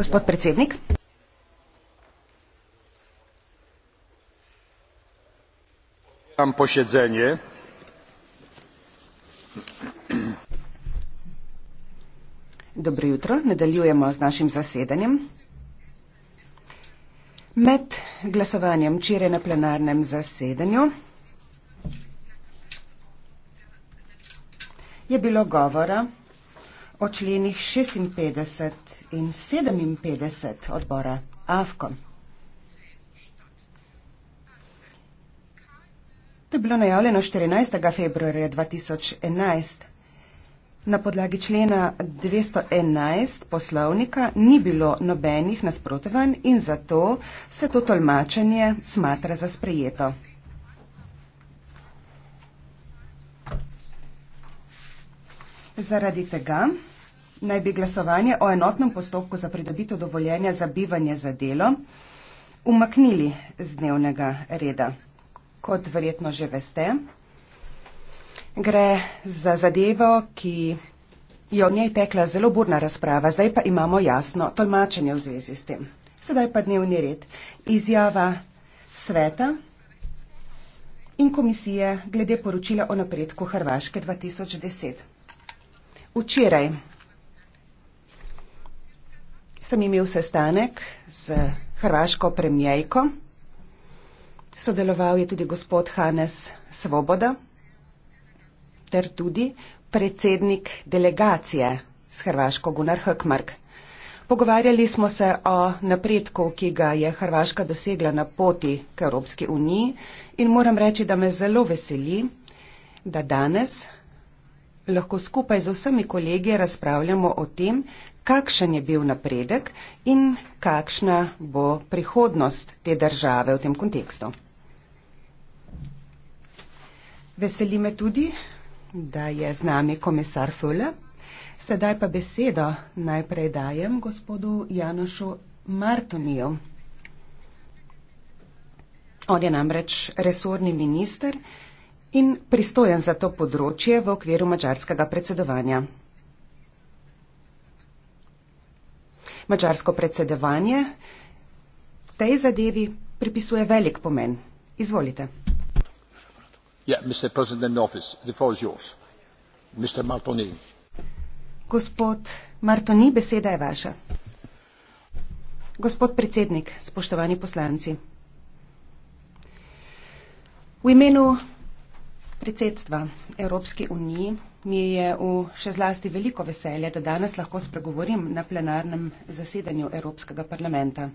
Gospod predsednik. Otvaram posiedzenie. Dobro jutro, nadaljujemo z našim zasedanjem. Med glasovanjem včeraj na plenarnem zasedanju je bilo govora o členih 56 in 57 odbora AFCON. To je bilo najavljeno 14. februarja 2011. Na podlagi člena 211 poslovnika ni bilo nobenih nasprotovanj in zato se to tolmačenje smatra za sprejeto. Zaradi tega naj bi glasovanje o enotnem postopku za pridobitev dovoljenja za bivanje za delo umaknili z dnevnega reda. Kot verjetno že veste, gre za zadevo, ki je od njej tekla zelo burna razprava, zdaj pa imamo jasno tolmačenje v zvezi s tem. Sedaj pa dnevni red. Izjava sveta in komisije glede poročila o napredku Hrvaške 2010. Včeraj sem imel sestanek z hrvaško premijejko. Sodeloval je tudi gospod Hanes Svoboda ter tudi predsednik delegacije s Hrvaško Gunnar Hökmark. Pogovarjali smo se o napredku, ki ga je Hrvaška dosegla na poti k Evropski uniji in moram reči, da me zelo veseli, da danes lahko skupaj z vsemi kolegi razpravljamo o tem, kakšen je bil napredek in kakšna bo prihodnost te države v tem kontekstu. Veseli me tudi, da je z nami komisar Fule. Sedaj pa besedo najprej dajem gospodu Janošu Martoniju. On je namreč resorni minister in pristojen za to področje v okviru mačarskega predsedovanja. mačarsko predsedovanje tej zadevi pripisuje velik pomen. Izvolite. Ja, Gospod Martoni, beseda je vaša. Gospod predsednik, spoštovani poslanci. V imenu predsedstva Evropske unije Mi je v še zlasti veliko veselje, da danes lahko spregovorim na plenarnem zasedanju Evropskega parlamenta.